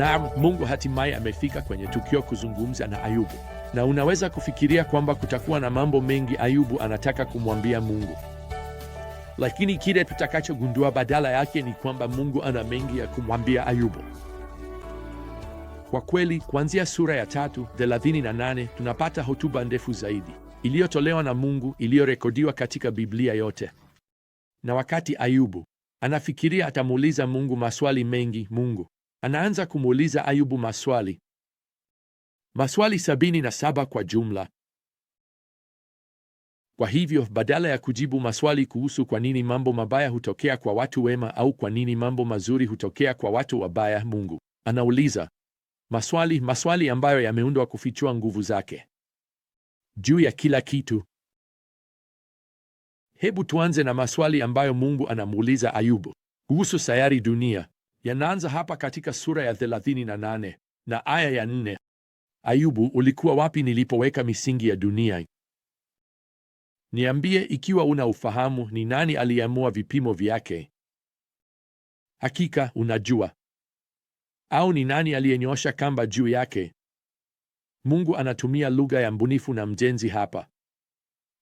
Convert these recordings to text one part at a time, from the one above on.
mwanadamu, Mungu hatimaye amefika kwenye tukio kuzungumza na Ayubu, na unaweza kufikiria kwamba kutakuwa na mambo mengi Ayubu anataka kumwambia Mungu, lakini kile tutakachogundua badala yake ni kwamba Mungu ana mengi ya kumwambia Ayubu. Kwa kweli, kuanzia sura ya tatu thelathini na nane tunapata hotuba ndefu zaidi iliyotolewa na Mungu iliyorekodiwa katika Biblia yote. Na wakati Ayubu anafikiria atamuuliza Mungu maswali mengi, Mungu anaanza kumuuliza Ayubu maswali maswali sabini na saba kwa jumla. Kwa hivyo badala ya kujibu maswali kuhusu kwa nini mambo mabaya hutokea kwa watu wema au kwa nini mambo mazuri hutokea kwa watu wabaya, Mungu anauliza maswali maswali ambayo yameundwa kufichua nguvu zake juu ya kila kitu. Hebu tuanze na maswali ambayo Mungu anamuuliza Ayubu kuhusu sayari dunia yanaanza hapa katika sura ya 38 na aya ya 4. Ayubu, ulikuwa wapi nilipoweka misingi ya dunia? Niambie ikiwa una ufahamu, ni nani aliamua vipimo vyake? Hakika unajua. Au ni nani aliyenyosha kamba juu yake? Mungu anatumia lugha ya mbunifu na mjenzi hapa.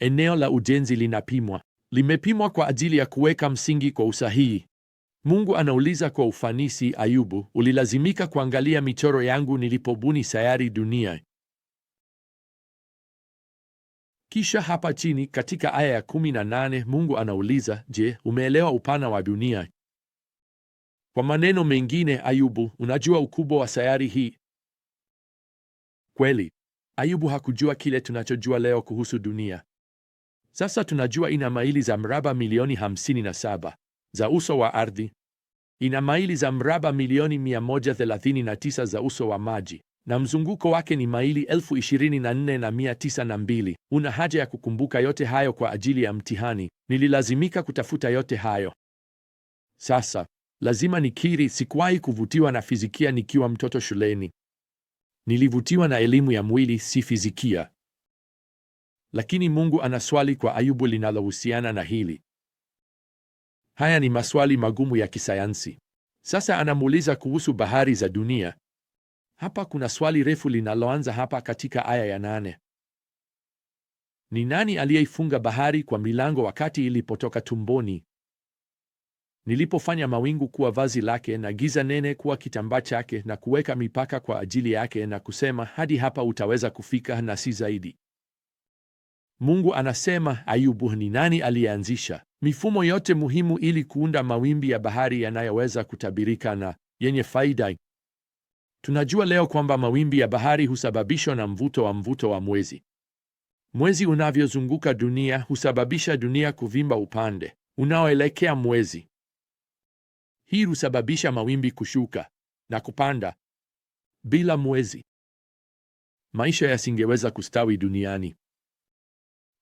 Eneo la ujenzi linapimwa, limepimwa kwa ajili ya kuweka msingi kwa usahihi. Mungu anauliza kwa ufanisi, Ayubu, ulilazimika kuangalia michoro yangu nilipobuni sayari dunia. Kisha hapa chini katika aya ya 18 Mungu anauliza, je, umeelewa upana wa dunia? Kwa maneno mengine, Ayubu, unajua ukubwa wa sayari hii? Kweli, Ayubu hakujua kile tunachojua leo kuhusu dunia. Sasa tunajua ina maili za mraba milioni 57 za uso wa ardhi, ina maili za mraba milioni 139 za uso wa maji na mzunguko wake ni maili elfu mbili. Una haja ya kukumbuka yote hayo kwa ajili ya mtihani? Nililazimika kutafuta yote hayo. Sasa lazima nikiri, sikuwahi kuvutiwa na fizikia nikiwa mtoto shuleni. Nilivutiwa na elimu ya mwili, si fizikia. Lakini Mungu ana swali kwa Ayubu linalohusiana na hili. Haya ni maswali magumu ya kisayansi. Sasa anamuuliza kuhusu bahari za dunia. Hapa kuna swali refu linaloanza hapa katika aya ya nane. Ni nani aliyeifunga bahari kwa milango wakati ilipotoka tumboni? Nilipofanya mawingu kuwa vazi lake na giza nene kuwa kitambaa chake, na kuweka mipaka kwa ajili yake, na kusema, hadi hapa utaweza kufika na si zaidi. Mungu anasema, Ayubu, ni nani aliyeanzisha mifumo yote muhimu ili kuunda mawimbi ya bahari yanayoweza kutabirika na yenye faida? Tunajua leo kwamba mawimbi ya bahari husababishwa na mvuto wa mvuto wa mwezi. Mwezi unavyozunguka dunia husababisha dunia kuvimba upande unaoelekea mwezi. Hii husababisha mawimbi kushuka na kupanda. Bila mwezi, maisha yasingeweza kustawi duniani.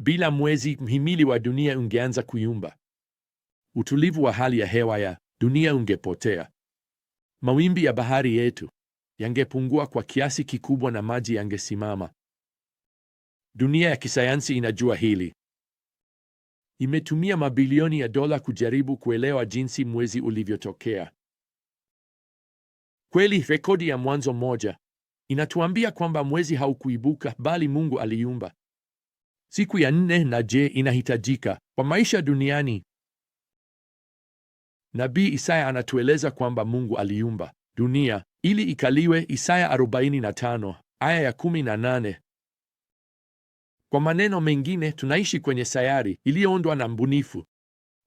Bila mwezi, mhimili wa dunia ungeanza kuyumba, utulivu wa hali ya hewa ya dunia ungepotea, mawimbi ya bahari yetu yangepungua kwa kiasi kikubwa, na maji yangesimama. Dunia ya kisayansi inajua hili. Imetumia mabilioni ya dola kujaribu kuelewa jinsi mwezi ulivyotokea. Kweli, rekodi ya Mwanzo moja inatuambia kwamba mwezi haukuibuka bali Mungu aliumba. Siku ya nne na je, inahitajika kwa maisha duniani? Nabii Isaya anatueleza kwamba Mungu aliumba dunia ili ikaliwe, Isaya 45 aya ya 18. Kwa maneno mengine, tunaishi kwenye sayari iliyoundwa na mbunifu,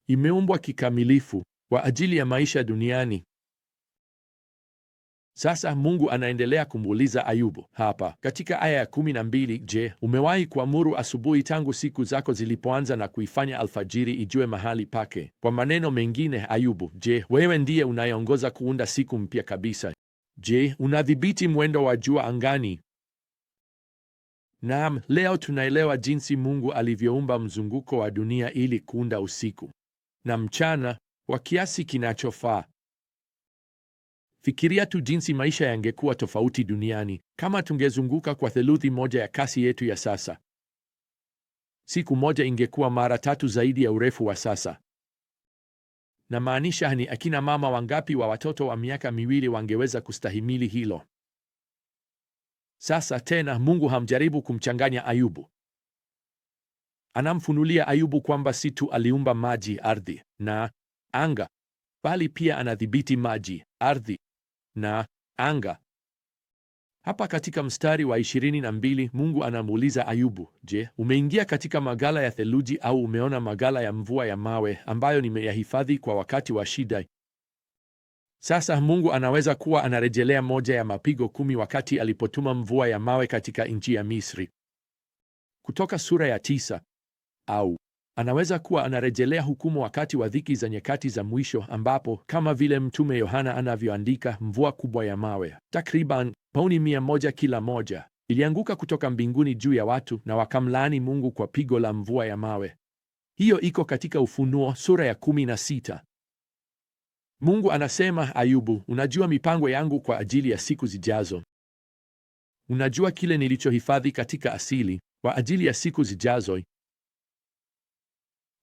imeumbwa kikamilifu kwa ajili ya maisha duniani. Sasa Mungu anaendelea kumuuliza Ayubu hapa katika aya ya kumi na mbili. Je, umewahi kuamuru asubuhi tangu siku zako zilipoanza na kuifanya alfajiri ijue mahali pake? Kwa maneno mengine, Ayubu, je, wewe ndiye unayeongoza kuunda siku mpya kabisa? Je, unadhibiti mwendo wa jua angani? Naam, leo tunaelewa jinsi Mungu alivyoumba mzunguko wa dunia ili kuunda usiku na mchana kwa kiasi kinachofaa. Fikiria tu jinsi maisha yangekuwa tofauti duniani kama tungezunguka kwa theluthi moja ya kasi yetu ya sasa. Siku moja ingekuwa mara tatu zaidi ya urefu wa sasa. Na maanisha ni akina mama wangapi wa watoto wa miaka miwili wangeweza kustahimili hilo? Sasa tena, Mungu hamjaribu kumchanganya Ayubu. Anamfunulia Ayubu kwamba si tu aliumba maji, ardhi na anga, bali pia anadhibiti maji, ardhi na anga. Hapa katika mstari wa 22 na mbili Mungu anamuuliza Ayubu, je, umeingia katika magala ya theluji au umeona magala ya mvua ya mawe ambayo nimeyahifadhi kwa wakati wa shida? Sasa Mungu anaweza kuwa anarejelea moja ya mapigo kumi wakati alipotuma mvua ya mawe katika nchi ya Misri, Kutoka sura ya tisa au Anaweza kuwa anarejelea hukumu wakati wa dhiki za nyakati za mwisho, ambapo kama vile mtume Yohana anavyoandika, mvua kubwa ya mawe takriban pauni mia moja kila moja ilianguka kutoka mbinguni juu ya watu, na wakamlaani Mungu kwa pigo la mvua ya mawe. Hiyo iko katika Ufunuo sura ya kumi na sita. Mungu anasema, Ayubu, unajua mipango yangu kwa ajili ya siku zijazo, unajua kile nilichohifadhi katika asili kwa ajili ya siku zijazo,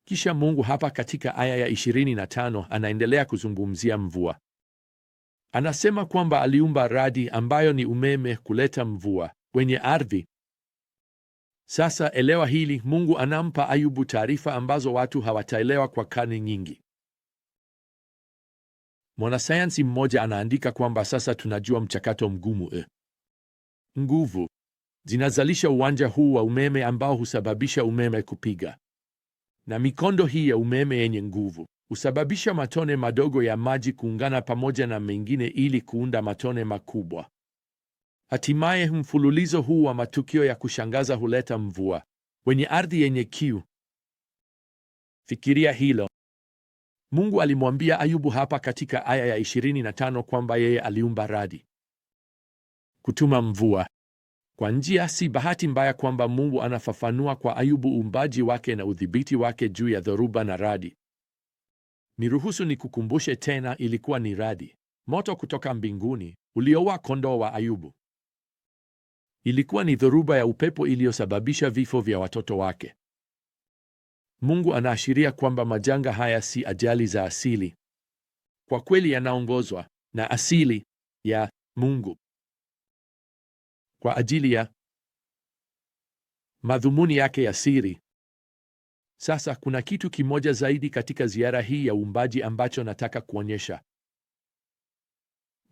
kisha Mungu hapa katika aya ya 25 anaendelea kuzungumzia mvua. Anasema kwamba aliumba radi ambayo ni umeme kuleta mvua kwenye ardhi. Sasa elewa hili, Mungu anampa Ayubu taarifa ambazo watu hawataelewa kwa karne nyingi. Mwanasayansi mmoja anaandika kwamba sasa tunajua mchakato mgumu e. Nguvu zinazalisha uwanja huu wa umeme ambao husababisha umeme kupiga na mikondo hii ya umeme yenye nguvu husababisha matone madogo ya maji kuungana pamoja na mengine ili kuunda matone makubwa. Hatimaye, mfululizo huu wa matukio ya kushangaza huleta mvua wenye ardhi yenye kiu. Fikiria hilo. Mungu alimwambia Ayubu hapa katika aya ya 25 kwamba yeye aliumba radi, kutuma mvua kwa njia, si bahati mbaya kwamba Mungu anafafanua kwa Ayubu uumbaji wake na udhibiti wake juu ya dhoruba na radi. Niruhusu nikukumbushe tena, ilikuwa ni radi, moto kutoka mbinguni ulioua kondoo wa Ayubu. Ilikuwa ni dhoruba ya upepo iliyosababisha vifo vya watoto wake. Mungu anaashiria kwamba majanga haya si ajali za asili, kwa kweli yanaongozwa na asili ya Mungu kwa ajili ya madhumuni yake ya siri. Sasa kuna kitu kimoja zaidi katika ziara hii ya uumbaji ambacho nataka kuonyesha.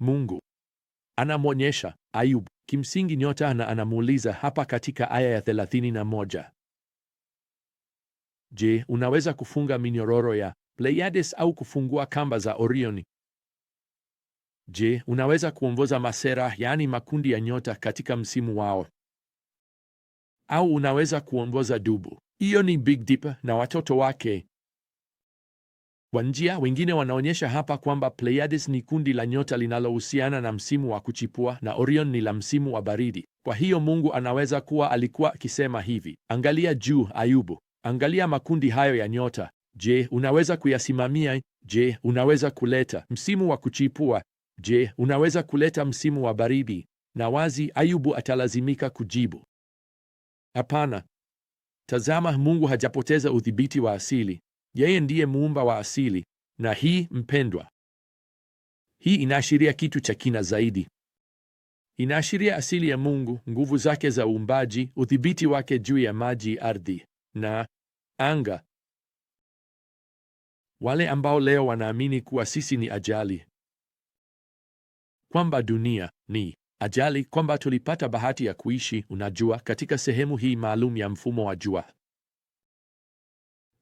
Mungu anamwonyesha Ayubu kimsingi nyota na anamuuliza hapa katika aya ya 31, Je, unaweza kufunga minyororo ya Pleiades au kufungua kamba za Orioni? Je, unaweza kuongoza masera, yaani makundi ya nyota katika msimu wao? Au unaweza kuongoza dubu, hiyo ni Big Dipper na watoto wake? Kwa njia wengine wanaonyesha hapa kwamba Pleiades ni kundi la nyota linalohusiana na msimu wa kuchipua na Orion ni la msimu wa baridi. Kwa hiyo Mungu anaweza kuwa alikuwa akisema hivi, angalia juu, Ayubu, angalia makundi hayo ya nyota. Je, unaweza kuyasimamia? Je, unaweza kuleta msimu wa kuchipua? Je, unaweza kuleta msimu wa baridi na wazi? Ayubu atalazimika kujibu hapana. Tazama, Mungu hajapoteza udhibiti wa asili. Yeye ndiye muumba wa asili, na hii mpendwa, hii inaashiria kitu cha kina zaidi. Inaashiria asili ya Mungu, nguvu zake za uumbaji, udhibiti wake juu ya maji, ardhi na anga. Wale ambao leo wanaamini kuwa sisi ni ajali kwamba dunia ni ajali, kwamba tulipata bahati ya kuishi, unajua, katika sehemu hii maalum ya mfumo wa jua.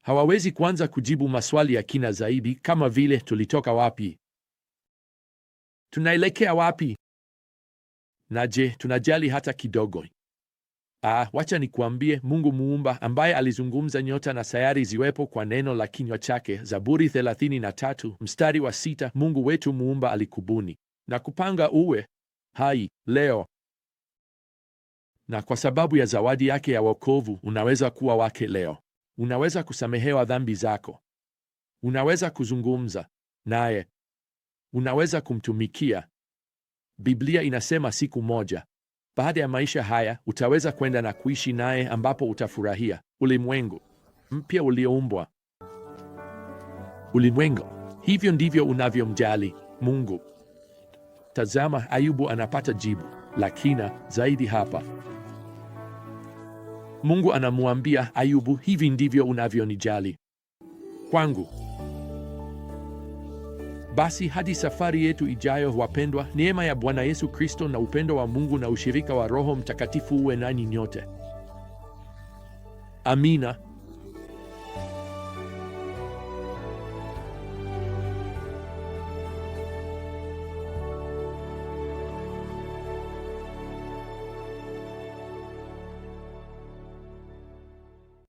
Hawawezi kuanza kujibu maswali ya kina zaidi kama vile tulitoka wapi, tunaelekea wapi, na je, tunajali hata kidogo? Ah, wacha nikuambie, Mungu muumba ambaye alizungumza nyota na sayari ziwepo kwa neno la kinywa chake, Zaburi 33 mstari wa sita, Mungu wetu muumba alikubuni na kupanga uwe hai leo, na kwa sababu ya zawadi yake ya wokovu unaweza kuwa wake leo. Unaweza kusamehewa dhambi zako, unaweza kuzungumza naye, unaweza kumtumikia. Biblia inasema siku moja baada ya maisha haya utaweza kwenda na kuishi naye, ambapo utafurahia ulimwengu mpya ulioumbwa ulimwengu. Hivyo ndivyo unavyomjali Mungu. Tazama, Ayubu anapata jibu la kina zaidi hapa. Mungu anamwambia Ayubu, hivi ndivyo unavyonijali kwangu. Basi hadi safari yetu ijayo, wapendwa, neema ya Bwana Yesu Kristo na upendo wa Mungu na ushirika wa Roho Mtakatifu uwe nanyi nyote. Amina.